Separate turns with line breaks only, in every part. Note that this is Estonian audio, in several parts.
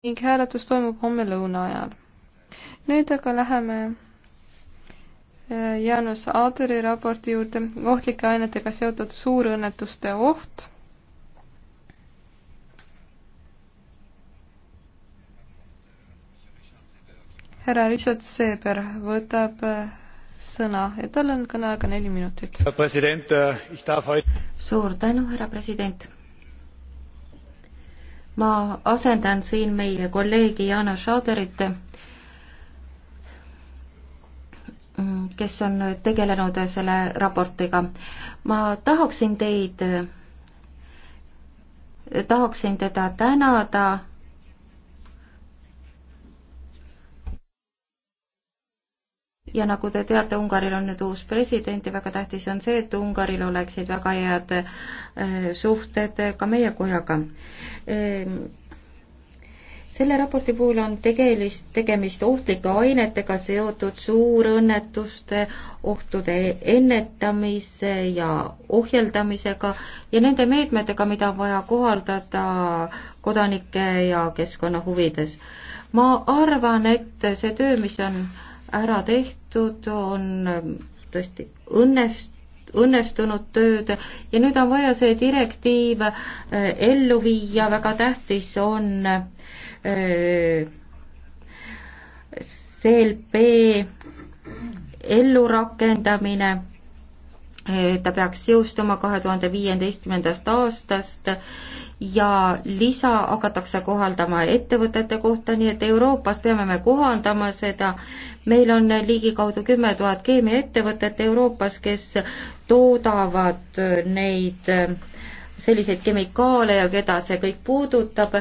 ning hääletus toimub homme lõuna ajal. nüüd aga läheme äh, Jaanus Aaderi raporti juurde ohtlike ainetega seotud suurõnnetuste oht. härra Richard Seeber võtab äh, sõna ja tal on kõneaega neli minutit.
Äh, suur tänu, härra president ma asendan siin meie kolleegi Jana Šaderit, kes on tegelenud selle raportiga. ma tahaksin teid, tahaksin teda tänada ja nagu te teate, Ungaril on nüüd uus president ja väga tähtis on see, et Ungaril oleksid väga head äh, suhted äh, ka meie kojaga. Ehm, selle raporti puhul on tegelist, tegemist ohtlike ainetega seotud suurõnnetuste, ohtude ennetamise ja ohjeldamisega ja nende meetmetega, mida on vaja kohaldada kodanike ja keskkonna huvides. ma arvan, et see töö, mis on ära tehtud, tehtud, on ähm, tõesti õnnest-, õnnestunud tööd ja nüüd on vaja see direktiiv äh, ellu viia, väga tähtis on CLP äh, ellurakendamine, äh, ta peaks jõustuma kahe tuhande viieteistkümnendast aastast ja lisa hakatakse kohaldama ettevõtete kohta, nii et Euroopas peame me kohandama seda äh, meil on ligikaudu kümme tuhat keemiaettevõtet Euroopas, kes toodavad neid äh, selliseid kemikaale ja keda see kõik puudutab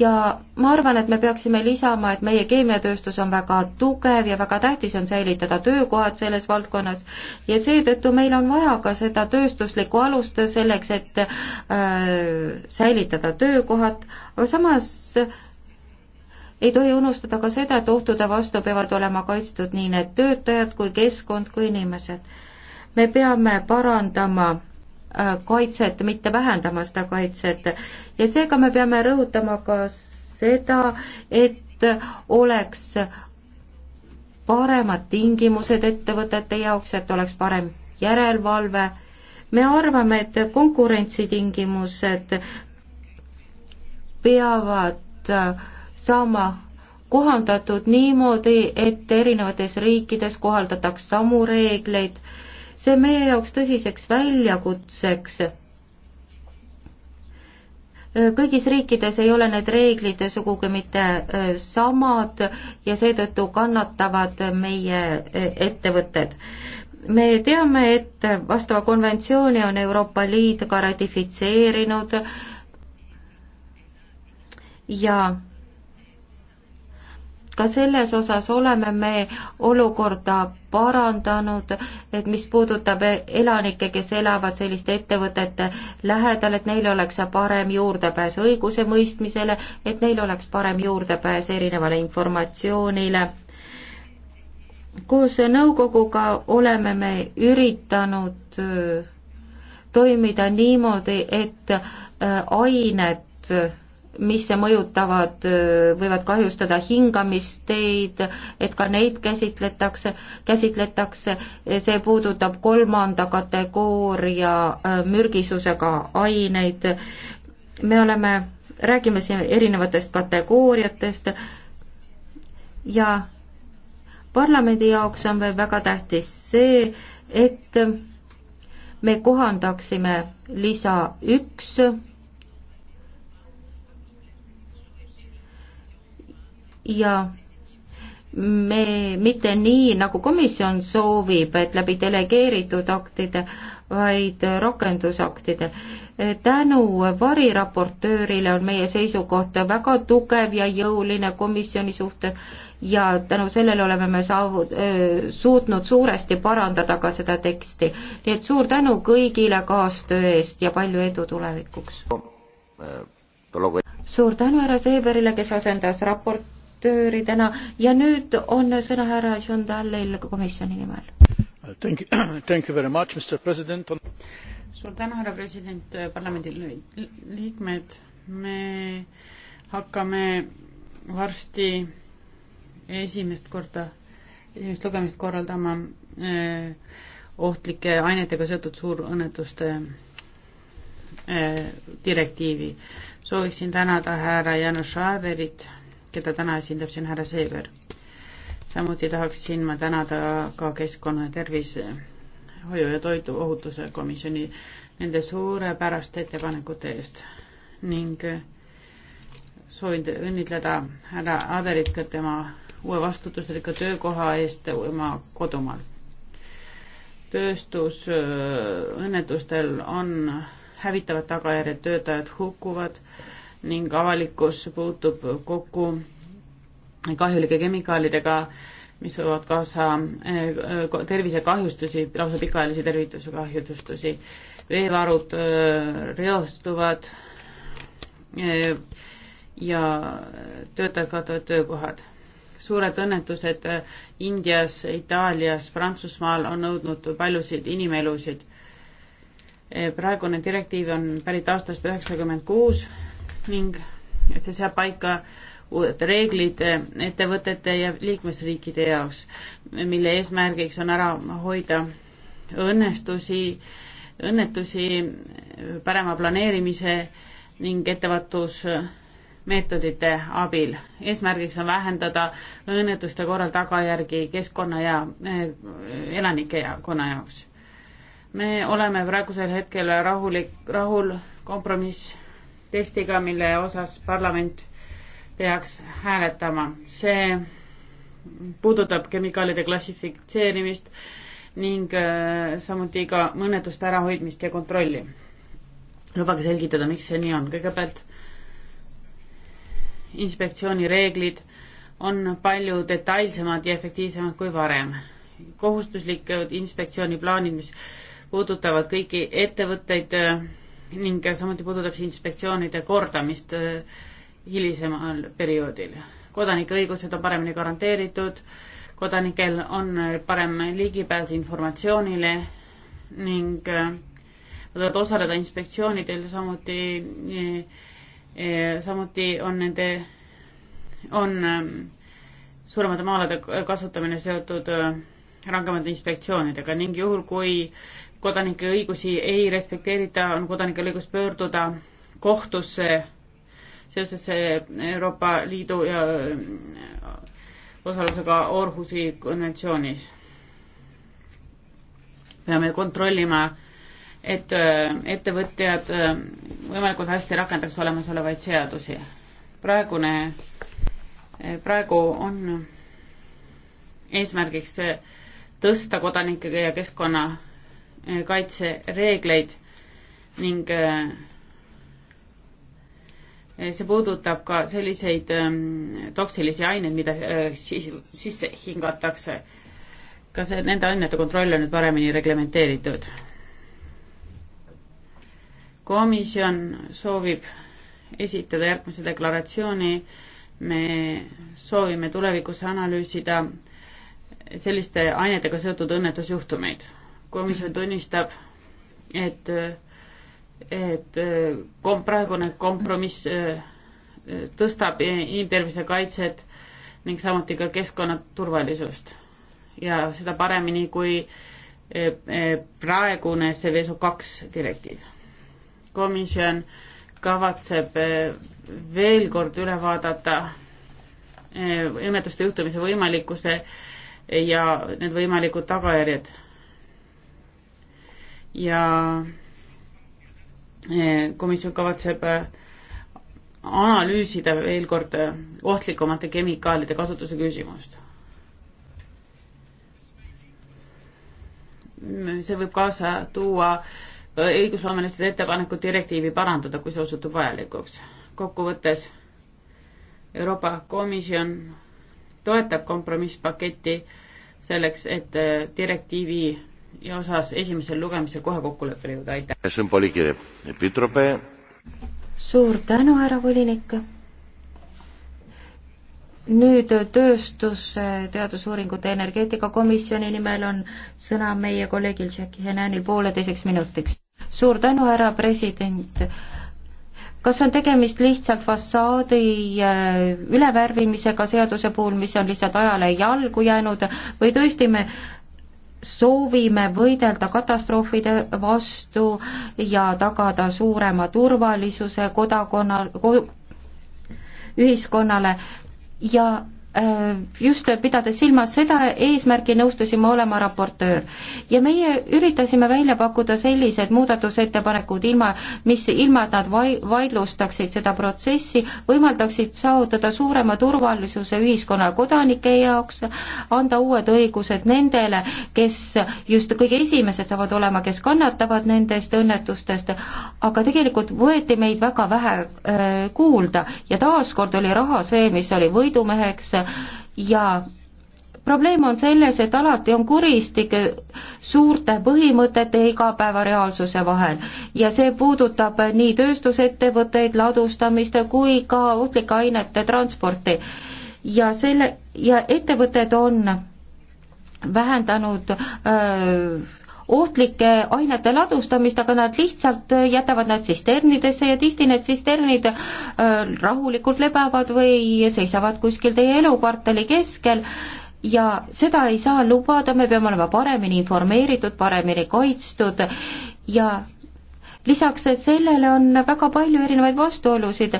ja ma arvan, et me peaksime lisama, et meie keemiatööstus on väga tugev ja väga tähtis on säilitada töökohad selles valdkonnas ja seetõttu meil on vaja ka seda tööstuslikku alust selleks, et äh, säilitada töökohad, aga samas äh, ei tohi unustada ka seda, et ohtude vastu peavad olema kaitstud nii need töötajad kui keskkond kui inimesed. me peame parandama äh, kaitset, mitte vähendama seda kaitset ja seega me peame rõhutama ka seda, et oleks paremad tingimused ettevõtete jaoks, et oleks parem järelevalve. me arvame, et konkurentsitingimused peavad äh, saama kohandatud niimoodi, et erinevates riikides kohaldataks samu reegleid. see on meie jaoks tõsiseks väljakutseks. kõigis riikides ei ole need reeglid sugugi mitte samad ja seetõttu kannatavad meie ettevõtted me teame, et vastava konventsiooni on Euroopa Liit ka ratifitseerinud ja ka selles osas oleme me olukorda parandanud, et mis puudutab elanikke, kes elavad selliste ettevõtete lähedal, et neil oleks parem juurdepääs õigusemõistmisele, et neil oleks parem juurdepääs erinevale informatsioonile koos nõukoguga oleme me üritanud äh, toimida niimoodi, et äh, ained mis mõjutavad, võivad kahjustada hingamisteid, et ka neid käsitletakse, käsitletakse, see puudutab kolmanda kategooria mürgisusega aineid, me oleme, räägime siin erinevatest kategooriatest ja parlamendi jaoks on veel väga tähtis see, et me kohandaksime lisa üks ja me mitte nii, nagu komisjon soovib, et läbi delegeeritud aktide, vaid rakendusaktide. tänu variraportöörile on meie seisukoht väga tugev ja jõuline komisjoni suhtes ja tänu sellele oleme me saavu-, suutnud suuresti parandada ka seda teksti. nii et suur tänu kõigile kaastöö eest ja palju edu tulevikuks! suur tänu härra Seeberile, kes asendas raport raportööridena ja nüüd on sõna härra John Tallil komisjoni nimel.
Thank you, thank you very much, Mr President. suur tänu, härra president, äh, parlamendi liikmed, me hakkame varsti esimest korda, esimest lugemist korraldama öö, äh, ohtlike ainetega seotud suurõnnetuste äh, direktiivi. sooviksin tänada härra Janus Schaaberit keda täna esindab siin härra Seeber. samuti tahaksin ma tänada ka Keskkonna ja Tervisehoiu ja Toiduohutuse Komisjoni nende suurepäraste ettepanekute eest ning soovin õnnitleda härra Aderit ka tema uue vastutusrikka töökoha eest oma kodumaal. tööstusõnnetustel on hävitavad tagajärjed, töötajad hukkuvad äh, ning avalikkus puutub kokku kahjulike kemikaalidega, mis võivad kaasa eh, tervisekahjustusi, lausa pikaajalisi tervisekahjustusi. veevarud eh, reostuvad eh, ja töötajad kaotavad töökohad. suured õnnetused Indias, Itaalias, Prantsusmaal on nõudnud paljusid inimelusid. praegune direktiiv on pärit aastast üheksakümmend kuus ning et see seab paika uued reeglid ettevõtete ja liikmesriikide jaoks, mille eesmärgiks on ära hoida õnnestusi, õnnetusi parema planeerimise ning ettevõtlusmeetodite abil. eesmärgiks on vähendada õnnetuste korral tagajärgi keskkonna ja eh, elanike ja konna jaoks. me oleme praegusel hetkel rahulik, rahul kompromiss tekstiga, mille osas parlament peaks hääletama. see puudutab kemikaalide klassifitseerimist ning äh, samuti ka õnnetuste ärahoidmist ja kontrolli. lubage selgitada, miks see nii on. kõigepealt inspektsiooni reeglid on palju detailsemad ja efektiivsemad kui varem. kohustuslikud inspektsiooni plaanid, mis puudutavad kõiki ettevõtteid, äh, ning samuti puudutab see inspektsioonide kordamist äh, hilisemal perioodil. kodanike õigused on paremini garanteeritud, kodanikel on parem ligipääs informatsioonile ning äh, nad võivad osaleda inspektsioonidel, samuti, äh, samuti on nende, on suuremate maalade kasutamine seotud rangemate inspektsioonidega ning juhul, kui kodanike õigusi ei respekteerita, on kodanikel õigus pöörduda kohtusse seoses Euroopa Liidu ja äh, osalusega Orhusi konventsioonis. peame kontrollima, et äh, ettevõtjad äh, võimalikult hästi rakendaks olemasolevaid seadusi. praegune, praegu on eesmärgiks tõsta kodanike ja keskkonna kaitsereegleid ning äh, see puudutab ka selliseid ähm, toksilisi aineid, mida äh, sisse hingatakse. ka see, nende ainete kontroll on nüüd paremini reglementeeritud. komisjon soovib esitada järgmise deklaratsiooni. me soovime tulevikus analüüsida selliste ainetega seotud õnnetusjuhtumeid komisjon tunnistab, et, et kom-, praegune kompromiss tõstab inimtervise kaitset ning samuti ka keskkonnaturvalisust ja seda paremini kui praegune see Veso kaks direktiiv. komisjon kavatseb veel kord üle vaadata õnnetuste juhtumise võimalikkuse ja need võimalikud tagajärjed ja eh, komisjon kavatseb eh, analüüsida veel kord eh, ohtlikumate kemikaalide kasutuse küsimust. see võib kaasa tuua õigusloomelised ettepanekud direktiivi parandada, kui see osutub vajalikuks. kokkuvõttes Euroopa Komisjon toetab kompromisspaketti selleks, et direktiivi ja osas esimesel lugemisel kohe kokkuleppele jõuda, aitäh! see on Polikire Pitrope.
suur tänu, härra volinik! nüüd tööstus, teadusuuringute energeetikakomisjoni nimel on sõna meie kolleegil Jackie Henanil pooleteiseks minutiks. suur tänu, härra president! kas on tegemist lihtsalt fassaadi äh, ülevärvimisega seaduse puhul, mis on lihtsalt ajale jalgu jäänud või tõesti me soovime võidelda katastroofide vastu ja tagada suurema turvalisuse kodakonna, ühiskonnale ja Äh, just pidades silmas seda eesmärki, nõustusime olema raportöör. ja meie üritasime välja pakkuda sellised muudatusettepanekud ilma, mis, ilma et nad vai-, vaidlustaksid seda protsessi, võimaldaksid saavutada suurema turvalisuse ühiskonna kodanike jaoks, anda uued õigused nendele, kes just kõige esimesed saavad olema, kes kannatavad nendest õnnetustest, aga tegelikult võeti meid väga vähe äh, kuulda ja taaskord oli raha see, mis oli võidumeheks, ja probleem on selles, et alati on kuristik suurte põhimõtete ja igapäevareaalsuse vahel ja see puudutab nii tööstusettevõtteid, ladustamist kui ka ohtlike ainete transporti. ja selle, ja ettevõtted on vähendanud öö, äh, ohtlike ainete ladustamist, aga nad lihtsalt äh, jätavad nad tsisternidesse ja tihti need tsisternid äh, rahulikult lebavad või seisavad kuskil teie elukvartali keskel ja seda ei saa lubada, me peame olema paremini informeeritud, paremini kaitstud ja lisaks sellele on väga palju erinevaid vastuolusid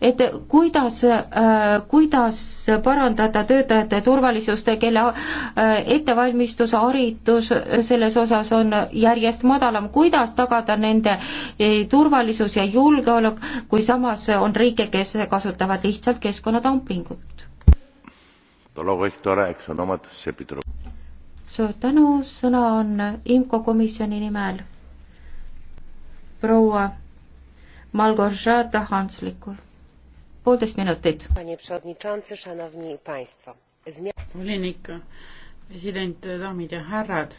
et kuidas, äh, kuidas parandada töötajate turvalisust, kelle äh, ettevalmistus, haritus selles osas on järjest madalam, kuidas tagada nende äh, turvalisus ja julgeolek, kui samas on riike, kes kasutavad lihtsalt keskkonnadumpingut? suur tänu, sõna on IMCO komisjoni nimel proua Malgorzata Hanslikul poolteist minutit.
volinik, president, daamid ja härrad.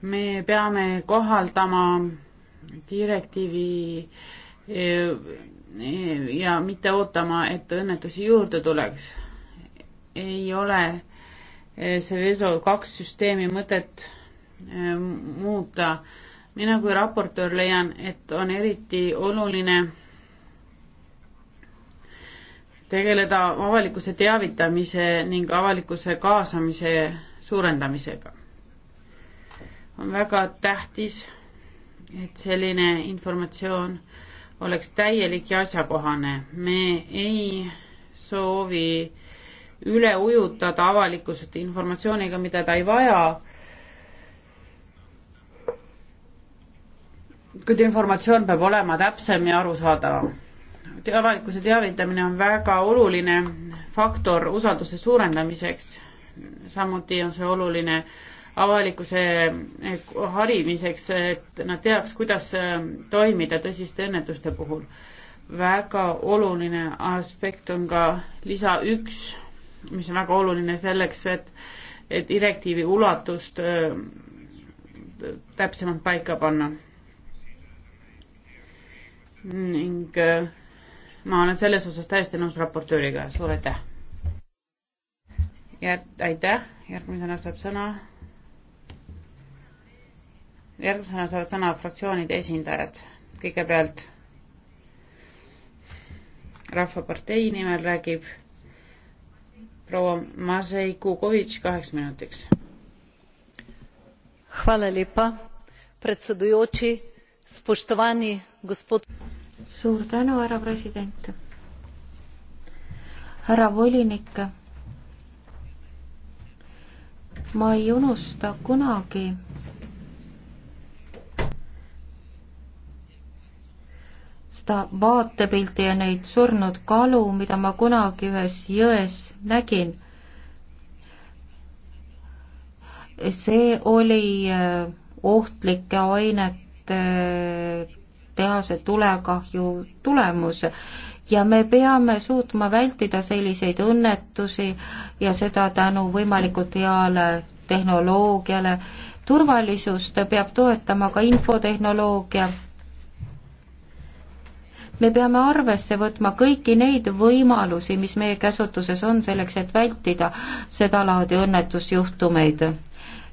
me peame kohaldama direktiivi eh, ja mitte ootama, et õnnetusi juurde tuleks. ei ole eh, see VESO kaks süsteemi mõtet eh, muuta mina nagu kui raportöör leian, et on eriti oluline tegeleda avalikkuse teavitamise ning avalikkuse kaasamise suurendamisega. on väga tähtis, et selline informatsioon oleks täielik ja asjakohane. me ei soovi üle ujutada avalikkust informatsiooniga, mida ta ei vaja kuid informatsioon peab olema täpsem ja arusaadavam. avalikkuse teavitamine on väga oluline faktor usalduse suurendamiseks. samuti on see oluline avalikkuse harimiseks, et nad teaks, kuidas ähm, toimida tõsiste õnnetuste puhul. väga oluline aspekt on ka lisa üks, mis on väga oluline selleks, et, et direktiivi ulatust ähm, täpsemalt paika panna ning äh, ma olen selles osas täiesti nõus raportööriga, suur aitäh! ja aitäh, järgmisena saab sõna, järgmisena saavad sõna fraktsioonide esindajad. kõigepealt Rahvapartei nimel räägib proua Mazej Kukovitš kaheks minutiks. Hvala lepa, predsedujoči, spoštovani gospod
suur tänu, härra president. härra volinik, ma ei unusta kunagi seda vaatepilti ja neid surnud kalu, mida ma kunagi ühes jões nägin. see oli eh, ohtlike ainete tehase tulekahju tulemus ja me peame suutma vältida selliseid õnnetusi ja seda tänu võimalikult heale tehnoloogiale. turvalisust peab toetama ka infotehnoloogia. me peame arvesse võtma kõiki neid võimalusi, mis meie käsutuses on selleks, et vältida sedalaadi õnnetusjuhtumeid.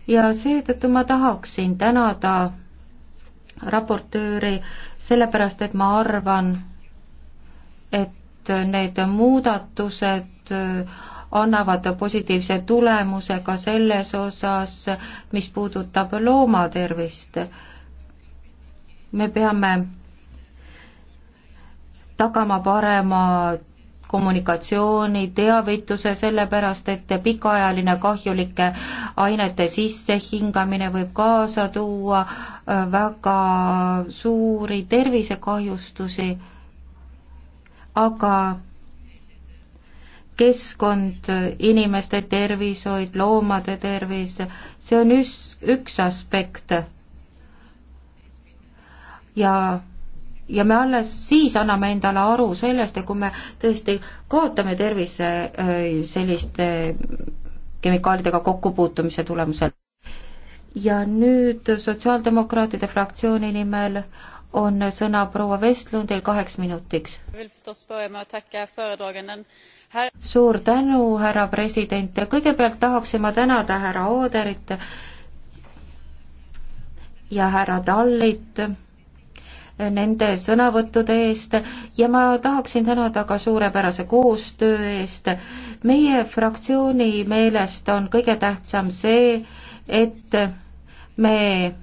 ja seetõttu ma tahaksin tänada raportööri, sellepärast et ma arvan, et need muudatused annavad positiivse tulemuse ka selles osas, mis puudutab loomatervist. me peame tagama parema kommunikatsiooni, teavituse, sellepärast et pikaajaline kahjulike ainete sissehingamine võib kaasa tuua äh, väga suuri tervisekahjustusi, aga keskkond, inimeste tervishoid, loomade tervis, see on üks, üks aspekt. ja ja me alles siis anname endale aru sellest ja kui me tõesti kaotame tervise äh, selliste äh, kemikaalidega kokkupuutumise tulemusel. ja nüüd Sotsiaaldemokraatide fraktsiooni nimel on sõna proua Vestlundil kaheks minutiks. suur tänu, härra president, kõigepealt tahaksin ma tänada härra Ooderit ja härra Tallit nende sõnavõttude eest ja ma tahaksin tänada ka suurepärase koostöö eest. meie fraktsiooni meelest on kõige tähtsam see, et me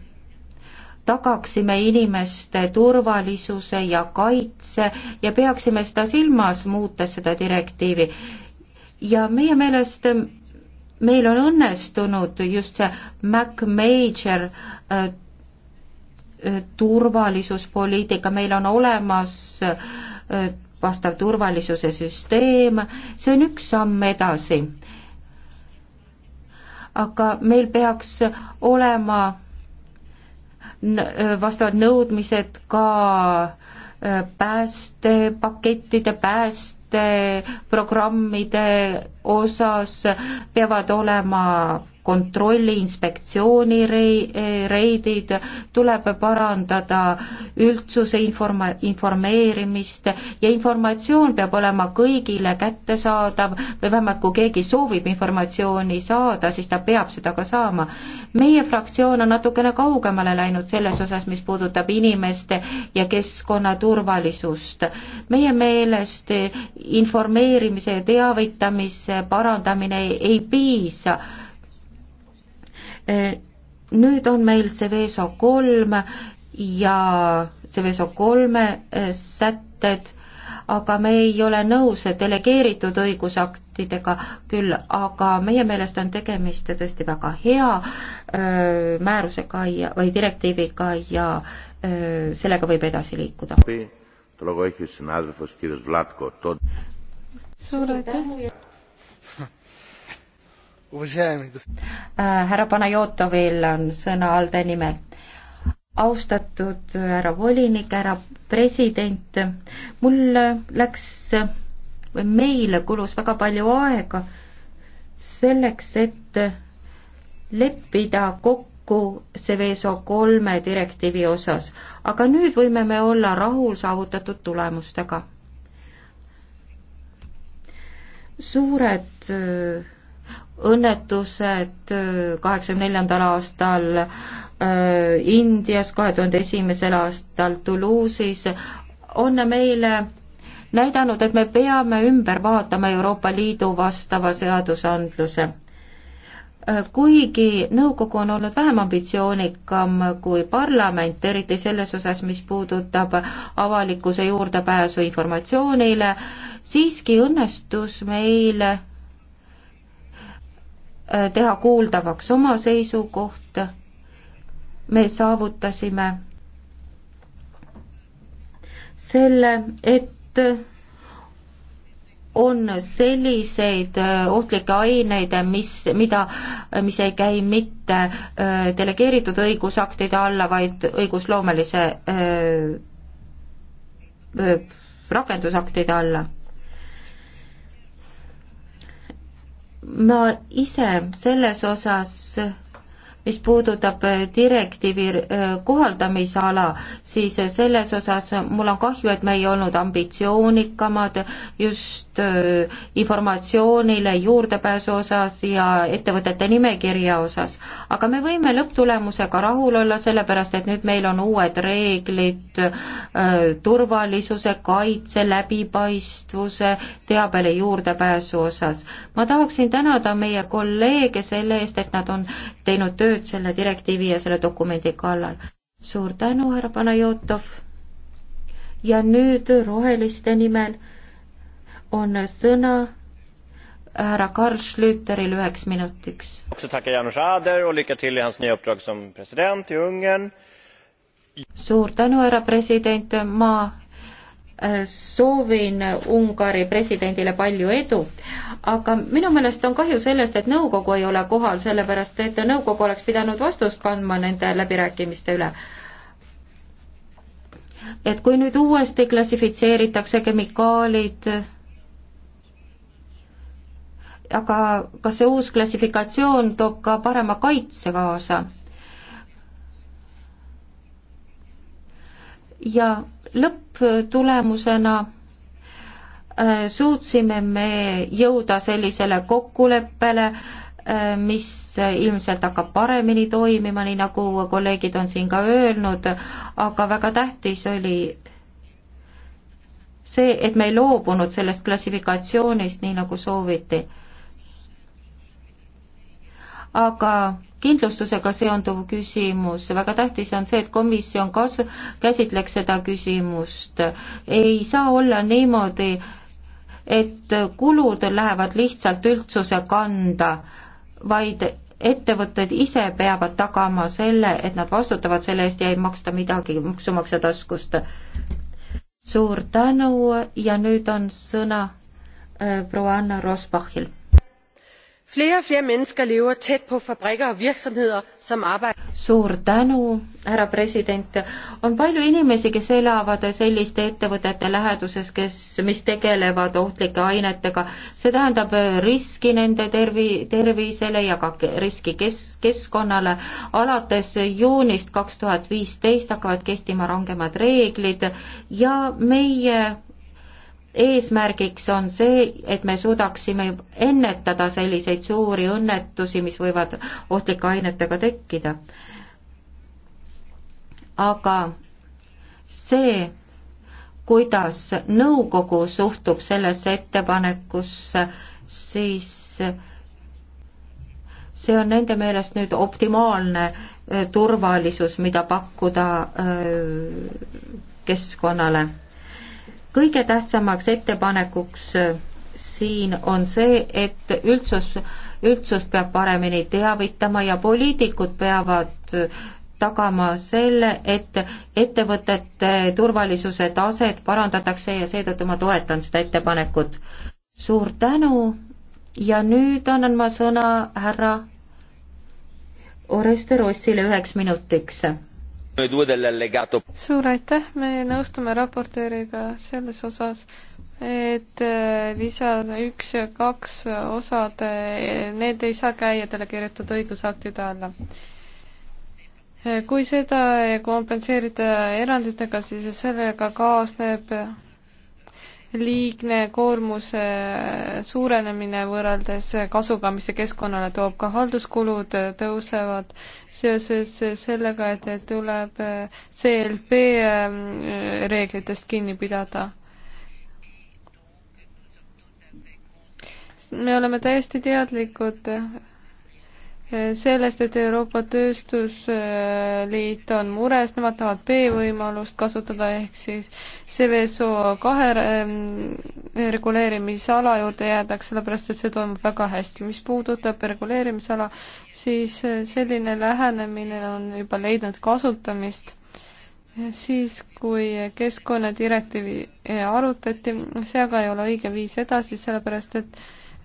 tagaksime inimeste turvalisuse ja kaitse ja peaksime seda silmas, muutes seda direktiivi. ja meie meelest meil on õnnestunud just see Mac Major äh, Eh, turvalisuspoliitika, meil on olemas eh, vastav turvalisuse süsteem, see on üks samm edasi. aga meil peaks olema eh, vastavad nõudmised ka päästepakettide, päästeprogrammide osas peavad olema kontrolli, inspektsiooni rei-, reidid, tuleb parandada üldsuse informa-, informeerimist ja informatsioon peab olema kõigile kättesaadav või vähemalt, kui keegi soovib informatsiooni saada, siis ta peab seda ka saama. meie fraktsioon on natukene kaugemale läinud selles osas, mis puudutab inimeste ja keskkonna turvalisust. meie meelest informeerimise ja teavitamise parandamine ei piisa nüüd on meil Seveso kolm ja Seveso kolme eh, sätted, aga me ei ole nõus delegeeritud õigusaktidega küll, aga meie meelest on tegemist tõesti väga hea öö, eh, määrusega ja, või direktiiviga ja öö, eh, sellega võib edasi liikuda.
suur aitäh! Äh,
härra Panajotovil on sõna ALDE nimel. austatud härra volinik, härra president, mul läks või meile kulus väga palju aega selleks, et leppida kokku Seveso kolme direktiivi osas, aga nüüd võime me olla rahul saavutatud tulemustega. suured äh, õnnetused äh, kaheksakümne neljandal aastal äh, Indias, kahe tuhande esimesel aastal Toulouse'is, on meile näidanud, et me peame ümber vaatama Euroopa Liidu vastava seadusandluse. Äh, kuigi nõukogu on olnud vähem ambitsioonikam kui parlament, eriti selles osas, mis puudutab avalikkuse juurdepääsu informatsioonile, siiski õnnestus meil Äh, teha kuuldavaks oma seisukoht, me saavutasime selle, et on selliseid äh, ohtlikke aineid, mis, mida, mis ei käi mitte äh, delegeeritud õigusaktide alla, vaid õigusloomelise rakendusaktide alla ma ise selles osas mis puudutab äh, direktiivi äh, kohaldamisala, siis äh, selles osas mul on kahju, et me ei olnud ambitsioonikamad just informatsioonile juurdepääsu osas ja ettevõtete nimekirja osas. aga me võime lõpptulemusega rahul olla, sellepärast et nüüd meil on uued reeglid turvalisuse, kaitse, läbipaistvuse, teabele juurdepääsu osas. ma tahaksin tänada meie kolleege selle eest, et nad on teinud tööd selle direktiivi ja selle dokumendi kallal. suur tänu, härra Panajotov. ja nüüd roheliste nimel on sõna härra Karl Schlüteril üheks minutiks. suur tänu, härra president, ma äh, soovin Ungari presidendile palju edu aga minu meelest on kahju sellest, et nõukogu ei ole kohal, sellepärast et nõukogu oleks pidanud vastust kandma nende läbirääkimiste üle et kui nüüd uuesti klassifitseeritakse kemikaalid, aga kas see uus klassifikatsioon toob ka parema kaitse kaasa? ja lõpptulemusena Äh, suutsime me jõuda sellisele kokkuleppele, äh, mis äh, ilmselt hakkab paremini toimima, nii nagu kolleegid on siin ka öelnud, aga väga tähtis oli see, et me ei loobunud sellest klassifikatsioonist, nii nagu sooviti. aga kindlustusega seonduv küsimus, väga tähtis on see, et komisjon kas-, käsitleks seda küsimust. ei saa olla niimoodi, et kulud lähevad lihtsalt üldsuse kanda, vaid ettevõtted ise peavad tagama selle, et nad vastutavad selle eest ja ei maksta midagi maksumaksja taskust. suur tänu ja nüüd on sõna äh, proua Anna Rosbachil flere og flere mennesker lever tæt på fabrikker og virksomheder, som arbejder suur tänu, härra president. on palju inimesi, kes elavad selliste ettevõtete läheduses, kes, mis tegelevad ohtlike ainetega. see tähendab riski nende tervi, tervisele ja ka riski kes-, keskkonnale. alates juunist kaks tuhat viisteist hakkavad kehtima rangemad reeglid ja meie eesmärgiks on see, et me suudaksime ennetada selliseid suuri õnnetusi, mis võivad ohtlike ainetega tekkida. aga see, kuidas nõukogu suhtub sellesse ettepanekusse, siis see on nende meelest nüüd optimaalne äh, turvalisus, mida pakkuda äh, keskkonnale kõige tähtsamaks ettepanekuks äh, siin on see, et üldsus, üldsust peab paremini teavitama ja poliitikud peavad äh, tagama selle, et ettevõtete turvalisuse taset parandatakse ja seetõttu ma toetan seda ettepanekut. suur tänu ja nüüd annan ma sõna härra Oreste Rossile üheks minutiks suur
aitäh, me nõustume raportööriga selles osas, et lisada äh, üks ja kaks osad, äh, need ei saa käia delegeeritud õigusaktide alla. Äh, kui seda kompenseerida eranditega, siis sellega kaasneb liigne koormuse suurenemine võrreldes kasuga, mis see keskkonnale toob, ka halduskulud tõusevad seoses sellega, et tuleb CLP ähm, reeglitest kinni pidada. me oleme täiesti teadlikud sellest, et Euroopa Tööstusliit on mures, nemad tahavad B-võimalust kasutada, ehk siis CVSO kahe ähm, reguleerimisala juurde jäädaks, sellepärast et see toimub väga hästi. mis puudutab reguleerimisala, siis äh, selline lähenemine on juba leidnud kasutamist siis, kui keskkonnadirektiivi arutati, see aga ei ole õige viis edasi, sellepärast et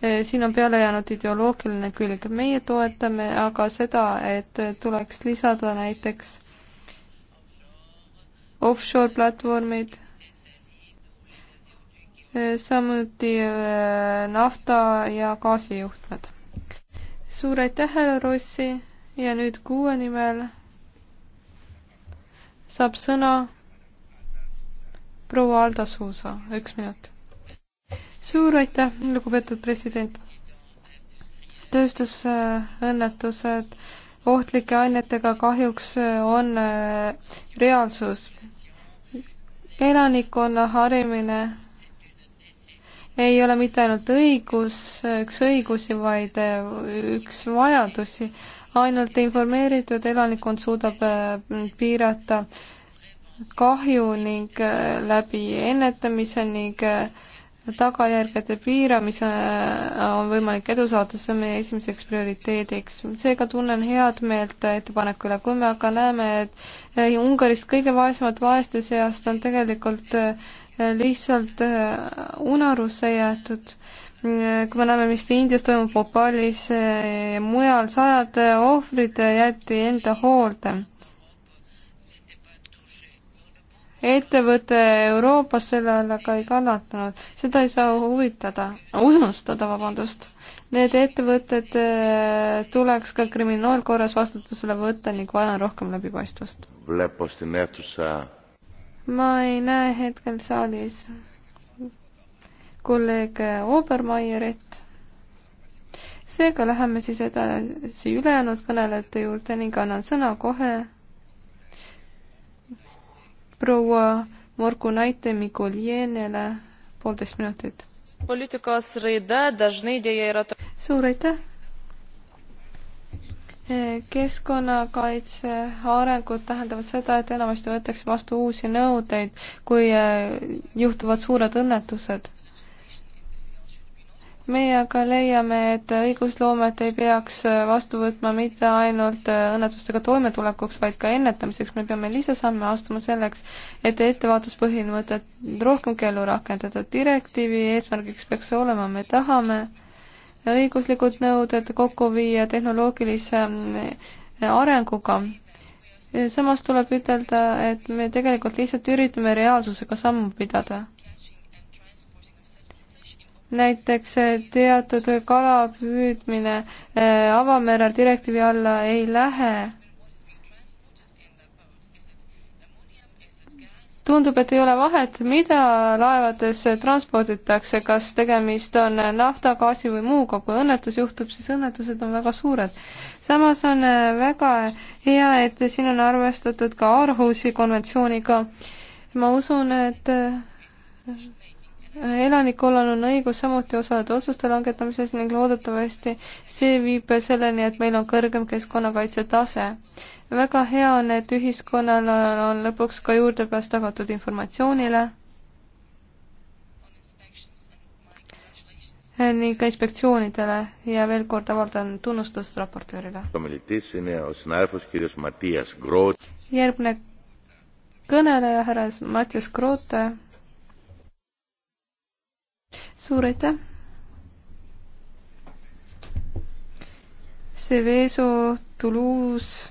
Eh, siin on peale jäänud ideoloogiline külg. meie toetame aga seda, et tuleks lisada näiteks offshore platvormid, eh, samuti eh, nafta ja gaasijuhtmed. suur aitäh, härra Rossi ja nüüd kuue nimel saab sõna proua Alda Suusa, üks minut suur aitäh, lugupeetud president. tööstusõnnetused ohtlike ainetega kahjuks äh, on äh, reaalsus. elanikkonna harimine ei ole mitte ainult õigus, üks õigusi, vaid äh, üks vajadusi. ainult informeeritud elanikkond suudab piirata kahju ning läbi ennetamise ning äh, tagajärgede piiramise äh, on võimalik edu saada, see on meie esimeseks prioriteediks. seega tunnen head meelt ettepaneku üle, kui me aga näeme, et äh, Ungarist kõige vaesemad vaeste seast on tegelikult äh, lihtsalt unarusse jäetud. kui me näeme, mis Indias toimub, Bhopalis ja mujal, sajad ohvrid jäeti enda hoolde ettevõte Euroopas selle all aga ei kannatanud. seda ei saa huvitada, unustada, vabandust. Need ettevõtted äh, tuleks ka kriminaalkorras vastutusele võtta ning vaja on rohkem läbipaistvust. ma ei näe hetkel saalis kolleeg Obermeierit. seega läheme siis edasi ülejäänud kõnelejate juurde ning annan sõna kohe proua Morku Naite Mikuljenele poolteist minutit. poliitikas raida dažnai teie erat-. suur aitäh! keskkonnakaitse arengud tähendavad seda, et enamasti võetakse vastu uusi nõudeid, kui eh, juhtuvad suured õnnetused meie aga leiame, et õigusloomet ei peaks vastu võtma mitte ainult õnnetustega toimetulekuks, vaid ka ennetamiseks. me peame lisasamme astuma selleks, et ettevaatuspõhimõtet rohkem ellu rakendada. direktiivi eesmärgiks peaks olema, me tahame õiguslikud nõuded kokku viia tehnoloogilise arenguga. samas tuleb ütelda, et me tegelikult lihtsalt üritame reaalsusega sammu pidada näiteks eh, teatud kala püüdmine eh, avamerel direktiivi alla ei lähe. tundub, et ei ole vahet, mida laevades transporditakse, kas tegemist on nafta, gaasi või muuga, kui õnnetus juhtub, siis õnnetused on väga suured. samas on eh, väga hea, et siin on arvestatud ka Aarhusi konventsiooniga. ma usun, et elanikkonnal on õigus samuti osaleda otsuste langetamises ning loodetavasti see viib selleni, et meil on kõrgem keskkonnakaitse tase. väga hea on, et ühiskonnal on lõpuks ka juurdepääs tagatud informatsioonile ning ka inspektsioonidele ja veel kord avaldan tunnustust raportöörile. järgmine kõneleja, härra Mattias Kroote suur aitäh. Seveso, Toulouse.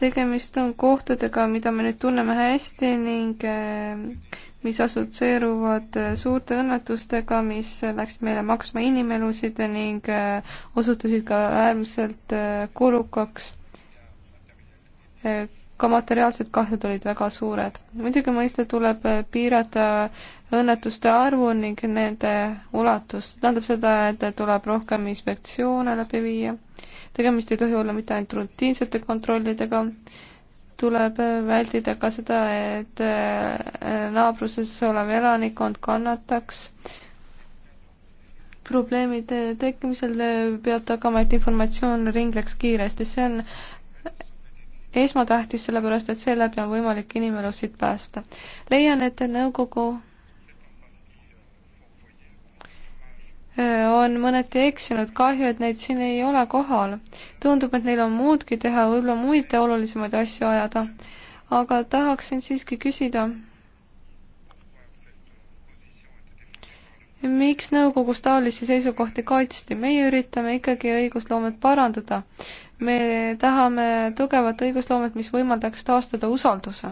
tegemist on kohtadega, mida me nüüd tunneme hästi ning äh, mis assotsieeruvad äh, suurte õnnetustega, mis läks meile maksma inimelusid ning äh, osutusid ka äärmiselt kulukaks ka materiaalsed kahjud olid väga suured. muidugi mõista tuleb äh, piirata äh, õnnetuste arvu ning nende ulatust, tähendab seda, et tuleb rohkem inspektsioone läbi viia, tegemist ei tohi olla mitte ainult rutiinsete kontrollidega, tuleb äh, vältida ka seda, et naabruses olev elanikkond kannataks, probleemide tekkimisel peab tagama, et informatsioon ringleks kiiresti, see on esmatähtis, sellepärast et seeläbi on võimalik inimelusid päästa. leian, et nõukogu on mõneti eksinud, kahju, et neid siin ei ole kohal. tundub, et neil on muudki teha, võib-olla muid olulisemaid asju ajada. aga tahaksin siiski küsida, miks nõukogus taolisi seisukohti kaitsti, meie üritame ikkagi õigusloomet parandada me tahame tugevat õigusloomet, mis võimaldaks taastada usalduse.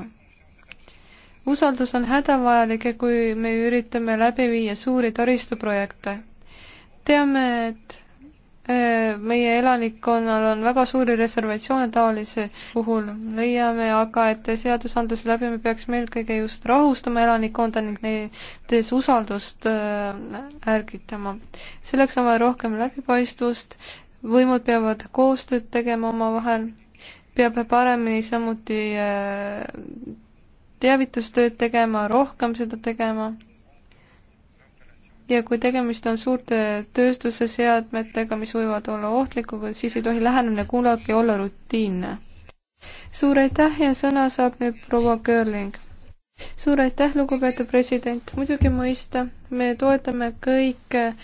usaldus on hädavajalik, kui me üritame läbi viia suuri taristuprojekte. teame, et äh, meie elanikkonnal on väga suuri reservatsioone taolise puhul, leiame aga, et seadusandluse läbi me peaks eelkõige just rahustama elanikkonda ning neides usaldust äh, ärgitama. selleks on vaja rohkem läbipaistvust võimud peavad koostööd tegema omavahel, peab paremini samuti äh, teavitustööd tegema, rohkem seda tegema. ja kui tegemist on suurte tööstuse seadmetega, mis võivad olla ohtlikud, siis ei tohi lähenemine kunagi olla rutiinne. suur aitäh ja sõna saab nüüd proua Görling. suur aitäh, lugupeetud president, muidugi mõista, me toetame kõike äh,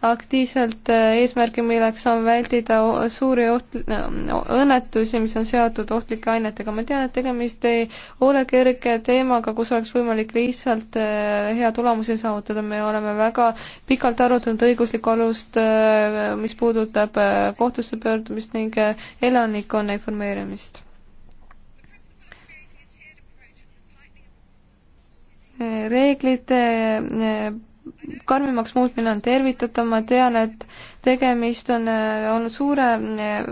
aktiivselt äh, eesmärgi, milleks on vältida suuri oht-, õnnetusi, mis on seotud ohtlike ainetega. ma tean, et tegemist ei ole kerge teemaga, kus oleks võimalik lihtsalt äh, hea tulemusi saavutada. me oleme väga pikalt arutanud õiguslikku alust, äh, mis puudutab kohtusse pöördumist ning elanikkonna informeerimist. reeglite karmimaks muutmine on tervitatav, ma tean, et tegemist on, on suure eh,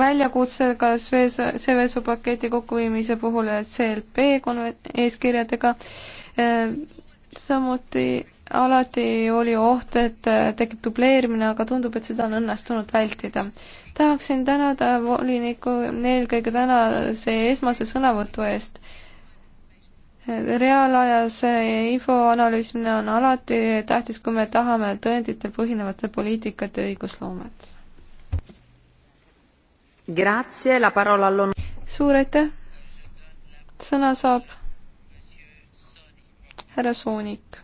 väljakutsega CVSU paketi kokkuviimise puhul CLP eeskirjadega. Eh, samuti alati oli oht, et eh, tekib dubleerimine, aga tundub, et seda on õnnestunud vältida. tahaksin tänada volinikku eelkõige tänase esmase sõnavõtu eest reaalajas info analüüsimine on alati tähtis, kui me tahame tõenditel põhinevate poliitikate õigusloomet. suur aitäh! sõna saab härra Soonik.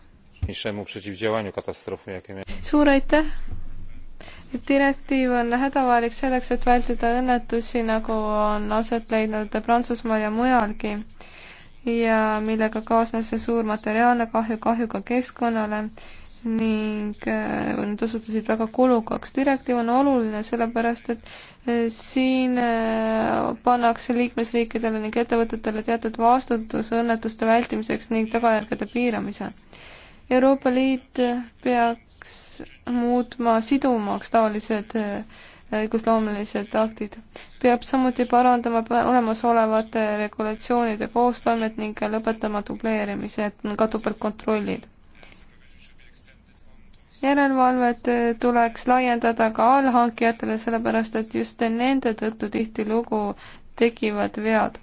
suur aitäh! direktiiv on hädavajalik selleks, et vältida õnnetusi, nagu on aset leidnud Prantsusmaal ja mujalgi ja millega kaasnes suur materiaalne kahju, kahju ka keskkonnale ning äh, need osutusid väga kulukaks. direktiiv on oluline sellepärast, et äh, siin äh, pannakse liikmesriikidele ning ettevõtetele teatud vastutus õnnetuste vältimiseks ning tagajärgede piiramise. Euroopa Liit peaks muutma sidumaks taolised õigusloomelised aktid peab samuti parandama olemasolevate regulatsioonide koostoimet ning lõpetama dubleerimise ka topeltkontrollid. järelevalvet äh, tuleks laiendada ka allhankijatele, sellepärast et just nende tõttu tihtilugu tekivad vead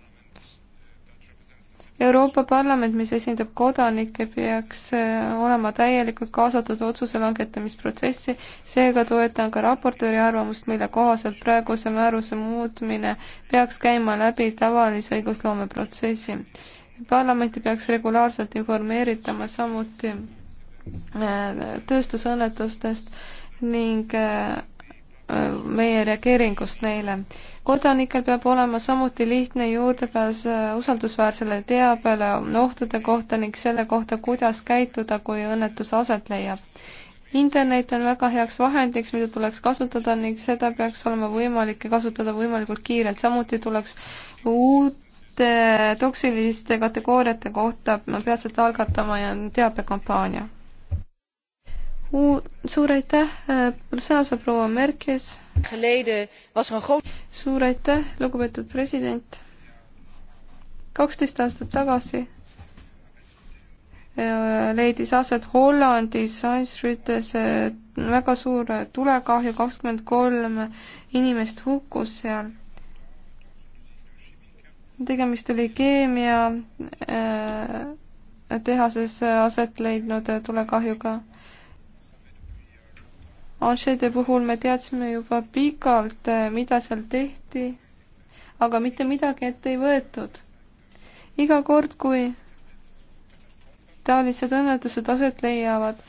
Euroopa Parlament, mis esindab kodanikke, peaks äh, olema täielikult kaasatud otsuse langetamisprotsessi, seega toetan ka raportööri arvamust, mille kohaselt praeguse määruse muutmine peaks käima läbi tavalise õigusloome protsessi. parlamenti peaks regulaarselt informeeritama samuti äh, tööstusõnnetustest ning äh, meie reageeringust neile. kodanikel peab olema samuti lihtne juurdepääs äh, usaldusväärsele teabele ohtude kohta ning selle kohta, kuidas käituda, kui õnnetus aset leiab. internet on väga heaks vahendiks, mida tuleks kasutada ning seda peaks olema võimalik kasutada võimalikult kiirelt, samuti tuleks uute toksiliste kategooriate kohta peatselt algatama teabekampaania suur aitäh, äh, sõna saab proua Merkes. suur aitäh, lugupeetud president. kaksteist aastat tagasi äh, leidis aset Hollandis Sainz-Rütes äh, väga suur tulekahju, kakskümmend kolm inimest hukkus seal. tegemist oli keemia tehases aset leidnud tulekahjuga Anšede puhul me teadsime juba pikalt, eh, mida seal tehti, aga mitte midagi ette ei võetud. iga kord, kui taolised õnnetused aset leiavad,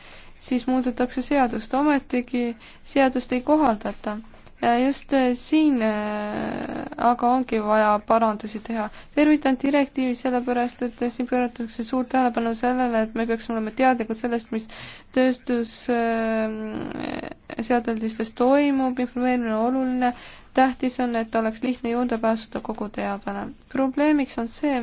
siis muudetakse seadust, ometigi seadust ei kohaldata just äh, siin äh, aga ongi vaja parandusi teha. tervitan direktiivi sellepärast, et siin pööratakse suurt tähelepanu sellele, et me peaksime olema teadlikud sellest, mis tööstusseadeldistes äh, toimub, informeerimine on oluline, tähtis on, et oleks lihtne juurdepääsuda kogu teabele. probleemiks on see,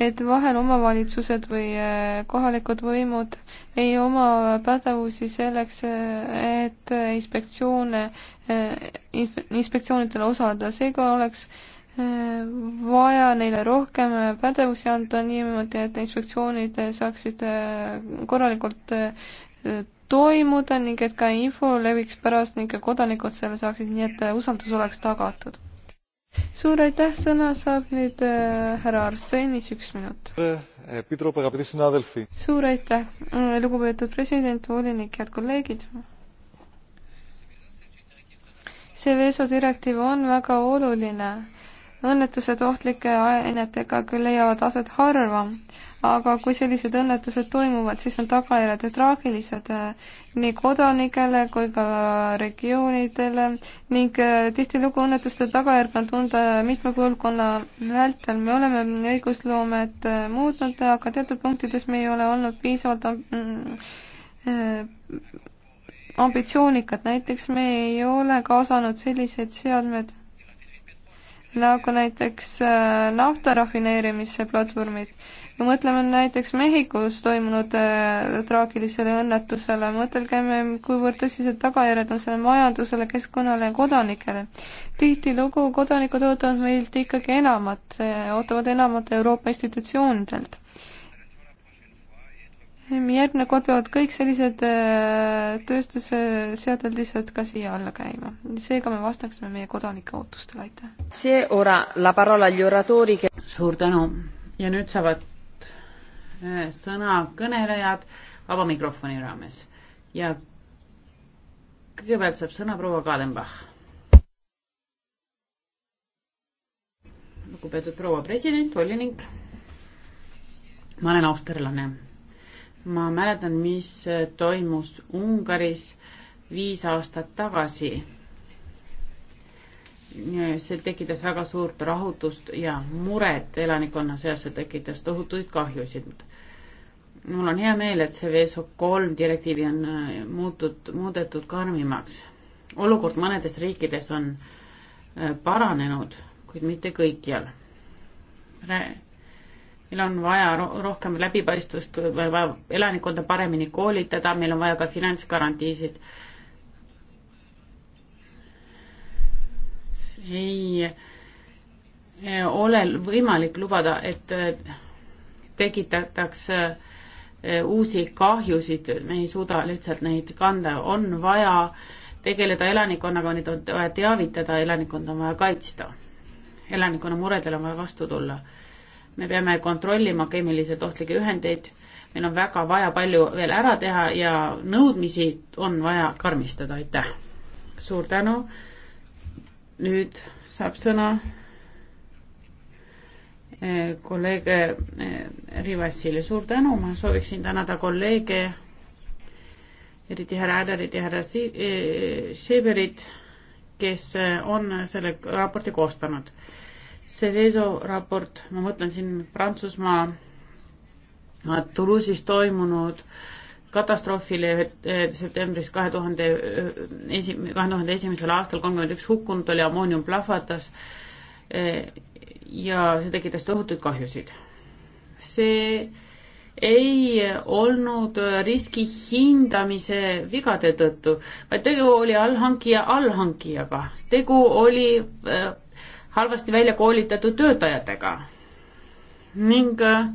et vahel omavalitsused või eh, kohalikud võimud ei oma pädevusi selleks, eh, et inspektsioone, eh, inspektsioonidele osaleda, seega oleks vaja neile rohkem pädevusi anda niimoodi, et inspektsioonid saaksid korralikult toimuda ning et ka info leviks pärast ning kodanikud selle saaksid, nii et usaldus oleks tagatud suur aitäh, sõna saab nüüd äh, härra Arsenis, üks minut. suur aitäh, äh, lugupeetud president, volinik, head kolleegid. see VESO direktiiv on väga oluline. õnnetused ohtlike ainetega küll leiavad aset harva, aga kui sellised õnnetused toimuvad, siis on tagajärjed traagilised äh, nii kodanikele kui ka regioonidele ning äh, tihtilugu õnnetuste tagajärg on tunda mitme põlvkonna vältel. me oleme õigusloomet äh, muutnud, aga teatud punktides me ei ole olnud piisavalt mm, ambitsioonikad, näiteks me ei ole kaasanud selliseid seadmed nagu näiteks nafta rafineerimise platvormid kui mõtleme näiteks Mehhikos toimunud äh, traagilisele õnnetusele, mõtelgem, kuivõrd tõsised tagajärjed on selle majandusele, keskkonnale ja kodanikele. tihtilugu kodanikud ootavad meilt ikkagi enamat, äh, ootavad enamat Euroopa institutsioonidelt. järgmine kord peavad kõik sellised äh, tööstusseadeldised ka siia alla käima. seega me vastaksime meie kodanike ootustele, aitäh.
suur tänu ja nüüd saavad sõna kõnelejad vaba mikrofoni raames ja kõigepealt saab sõna proua Kadenbach. lugupeetud proua president, volinik. ma olen austerlane. ma mäletan, mis toimus Ungaris viis aastat tagasi. see tekitas väga suurt rahutust ja muret elanikkonna seas, see tekitas tohutuid kahjusid mul on hea meel, et see VSO kolm direktiivi on äh, muutud, muudetud karmimaks. olukord mõnedes riikides on äh, paranenud, kuid mitte kõikjal. meil on vaja rohkem läbipaistvust, meil on vaja elanikkonda paremini koolitada, meil on vaja ka finantsgarantiisid. ei äh, ole võimalik lubada, et tekitatakse äh, uusi kahjusid, me ei suuda lihtsalt neid kanda, on vaja tegeleda elanikkonnaga, neid on vaja teavitada, elanikkonda on vaja kaitsta. elanikkonna muredele on vaja vastu tulla. me peame kontrollima keemiliselt ohtlikke ühendeid, meil on väga vaja palju veel ära teha ja nõudmisi on vaja karmistada, aitäh! suur tänu, nüüd saab sõna kolleeg eh, eh, Rivassile suur tänu, ma sooviksin tänada kolleege, eriti härra Äderit ja härra Seeberit, eh, kes on selle raporti koostanud. Cerezo raport, ma mõtlen siin Prantsusmaa Toulouse'is toimunud katastroofile septembris kahe tuhande esi-, kahe tuhande esimesel aastal kolmkümmend üks hukkunut oli, ammoonium plahvatas ja see tekitas tohutuid kahjusid. see ei olnud riski hindamise vigade tõttu, vaid tegu oli allhankija allhankijaga, tegu oli äh, halvasti välja koolitatud töötajatega. ning äh,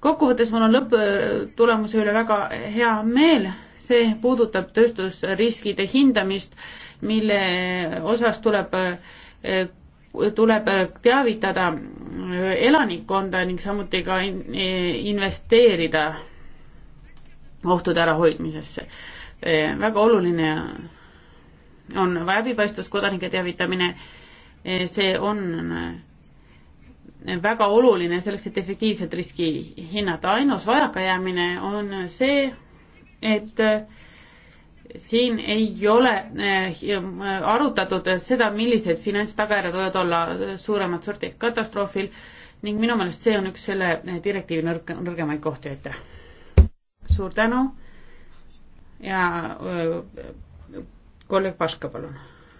kokkuvõttes mul on lõpptulemuse üle väga hea meel, see puudutab tööstusriskide hindamist, mille osas tuleb äh, tuleb teavitada elanikkonda ning samuti ka investeerida ohtude ärahoidmisesse. väga oluline on läbipaistvus, kodanike teavitamine, see on väga oluline selleks, et efektiivselt riski hinnata. ainus vajakajäämine on see, et äh, siin ei ole eh, arutatud seda, millised finantstagajärjed võivad olla suuremat sorti katastroofil ning minu meelest see on üks selle eh, direktiivi nõrk, nõrgemaid kohti, aitäh. suur tänu ja eh, kolleeg Paška, palun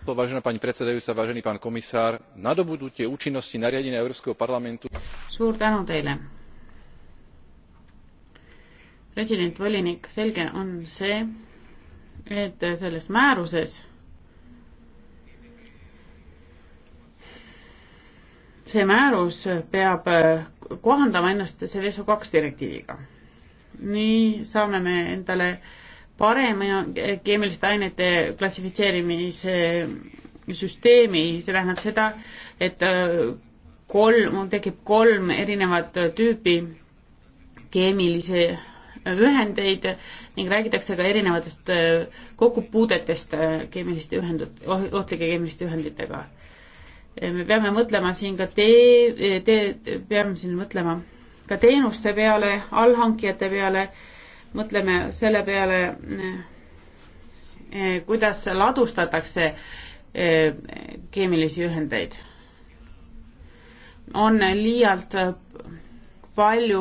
vážená pani predsedajúca vážený pán komisár nadobudnutie účinnosti nariadenia európskeho parlamentu
president volinik selge on see et selles määruses see määrus peab kohandama ennast selle SO2 direktiiviga. nii saame me endale parema keemiliste ainete klassifitseerimise süsteemi, see tähendab seda, et kolm, mul tekib kolm erinevat tüüpi keemilisi ühendeid ning räägitakse ka erinevatest äh, kokkupuudetest äh, keemiliste ühendud, oh-, ohtlike keemiliste ühenditega. Äh, me peame mõtlema siin ka tee, tee, peame siin mõtlema ka teenuste peale, allhankijate peale, mõtleme selle peale, kuidas ladustatakse keemilisi ühendeid. on liialt palju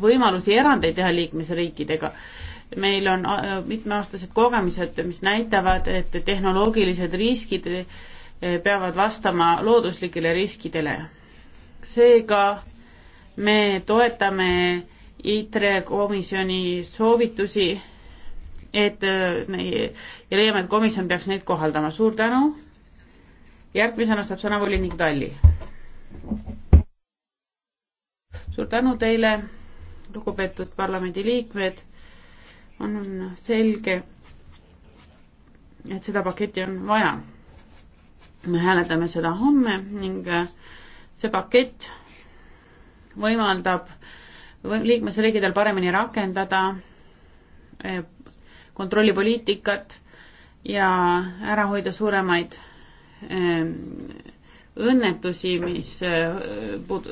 võimalusi erandeid teha liikmesriikidega. meil on mitmeaastased kogemused, mis näitavad, et tehnoloogilised riskid peavad vastama looduslikele riskidele. seega me toetame ITRE komisjoni soovitusi, et ja leiame, et komisjon peaks neid kohaldama. suur tänu. järgmisena saab sõna volinik Talli suur tänu teile, lugupeetud parlamendiliikmed, on selge, et seda paketti on vaja. me hääletame seda homme ning see pakett võimaldab liikmesriikidel paremini rakendada eh, kontrollipoliitikat ja ära hoida suuremaid eh, õnnetusi, mis äh, puud-,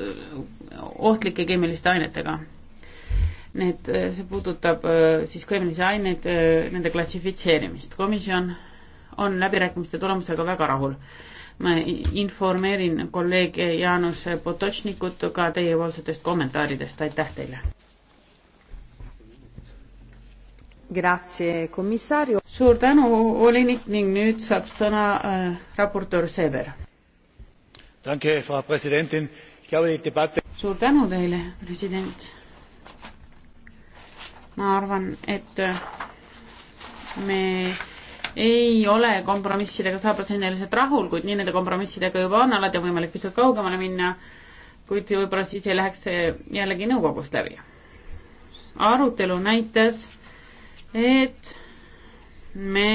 ohtlike keemiliste ainetega. Need, äh, see puudutab äh, siis keemilisi aineid, nende klassifitseerimist. komisjon on läbirääkimiste tulemusega väga rahul. ma informeerin kolleeg Jaanus Potočnikut ka teiepoolsetest kommentaaridest, aitäh teile! suur tänu, volinik, ning nüüd saab sõna äh, raportöör Seeber
frau präsidentin! ich glaube die debatte. suur
tänu teile president! ma arvan et äh, me ei ole kompromissidega sajaprotsendiliselt rahul kuid nii nende kompromissidega juba on alati on võimalik pisut kaugemale minna kuid võibolla siis ei läheks see jällegi nõukogust läbi arutelu näitas et me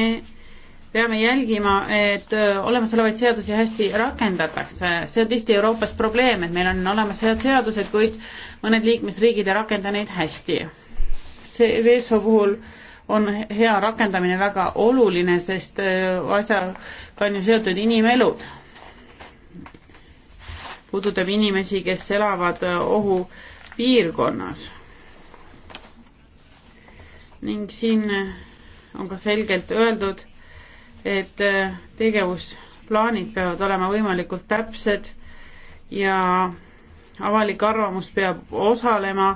peame jälgima, et äh, olemasolevaid seadusi hästi rakendatakse, see on tihti Euroopas probleem, et meil on olemas head seadused, kuid mõned liikmesriigid ei rakenda neid hästi. see Veso puhul on hea rakendamine väga oluline, sest äh, asjaga on ju seotud inimelud. puudutab inimesi, kes elavad äh, ohupiirkonnas. ning siin on ka selgelt öeldud et äh, tegevusplaanid peavad olema võimalikult täpsed ja avalik arvamus peab osalema,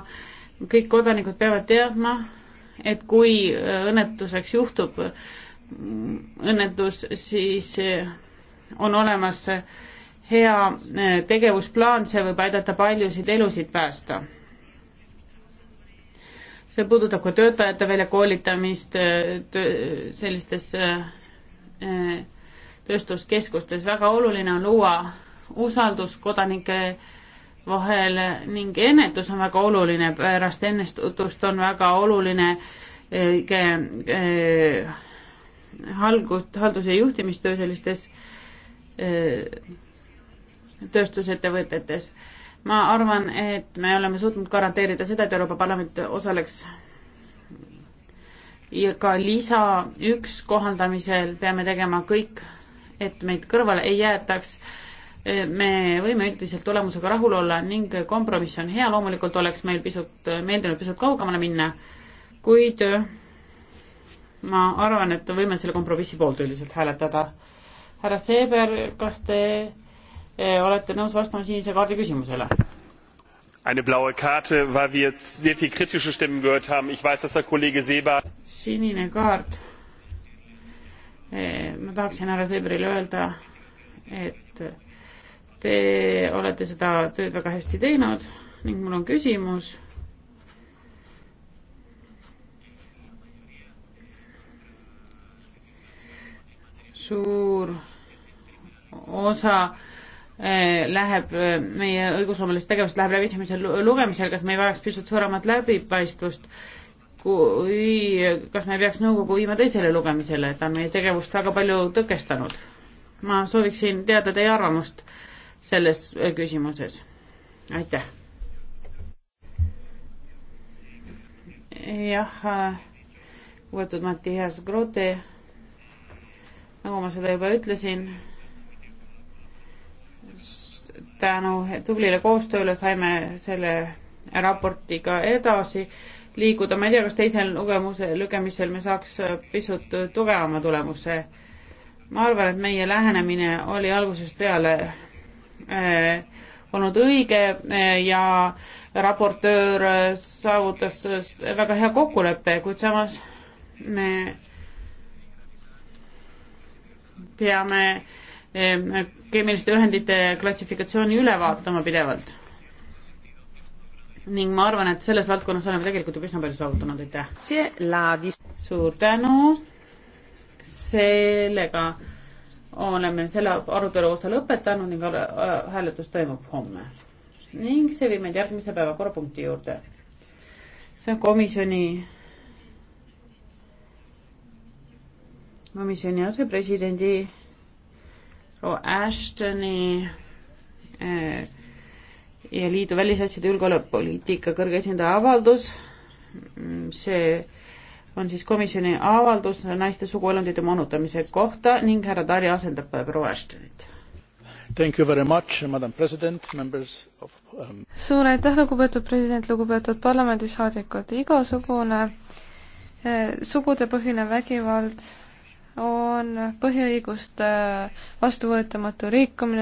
kõik kodanikud peavad teadma, et kui äh, õnnetuseks juhtub mm, õnnetus, siis äh, on olemas hea tegevusplaan, see võib aidata paljusid elusid päästa. see puudutab ka töötajate väljakoolitamist sellistes tööstuskeskustes. väga oluline on luua usaldus kodanike vahel ning ennetus on väga oluline, pärast ennetust on väga oluline äh, halgus, haldus- ja juhtimistöö sellistes eh, tööstusettevõtetes. ma arvan, et me oleme suutnud garanteerida seda, et Euroopa Parlament osaleks ja ka lisa üks kohandamisel peame tegema kõik, et meid kõrvale ei jäetaks. me võime üldiselt tulemusega rahul olla ning kompromiss on hea, loomulikult oleks meil pisut, meeldinud pisut kaugemale minna, kuid ma arvan, et võime selle kompromissi poolt üldiselt hääletada. härra Seeber, kas te eh, olete nõus vastama sinise kaardi küsimusele? eine blaue Karte, weil wir sehr viel kritische Stimmen gehört haben. Ich weiß, dass der Kollege Seber sinine kaart. Eh, ma tahaksin härra Seebrile öelda, et te olete seda tööd väga hästi teinud ning mul on küsimus. suur osa äh, Eh, läheb, eh, meie õigusloomelist tegevust läheb läbi esimesel lugemisel, kas me ei vajaks pisut suuremat läbipaistvust, kui, kas me ei peaks nõukogu viima teisele lugemisele, ta on meie tegevust väga palju tõkestanud. ma sooviksin teada teie arvamust selles eh, küsimuses. aitäh. jah, lugupeetud Mattias Grote, nagu ma seda juba ütlesin tänu tublile koostööle saime selle raportiga edasi liikuda, ma ei tea, kas teisel lugemuse, lugemisel me saaks pisut tugevama tulemuse. ma arvan, et meie lähenemine oli algusest peale äh, olnud õige äh, ja raportöör äh, saavutas äh, väga hea kokkuleppe, kuid samas me peame äh, Ehm, keemiliste ühendite klassifikatsiooni üle vaatama pidevalt. ning ma arvan, et selles valdkonnas oleme tegelikult juba üsna palju saavutanud, aitäh. suur tänu. sellega oleme selle arutelu osa lõpetanud ning äh, hääletus toimub homme. ning see viib meid järgmise päevakorrapunkti juurde. see on komisjoni komisjoni asepresidendi proua Ashtoni eh, ja liidu välisasjade julgeolekupoliitika kõrge esindaja avaldus, mm, see on siis komisjoni avaldus naiste suguelundite moonutamise kohta ning härra Tari asendab äh, proua Ashtonit. Thank you very much, madam president, members of um...
suur aitäh, lugupeetud president, lugupeetud parlamendisaadikud, igasugune eh, sugudepõhine vägivald on põhiõiguste vastuvõetamatu rikkumine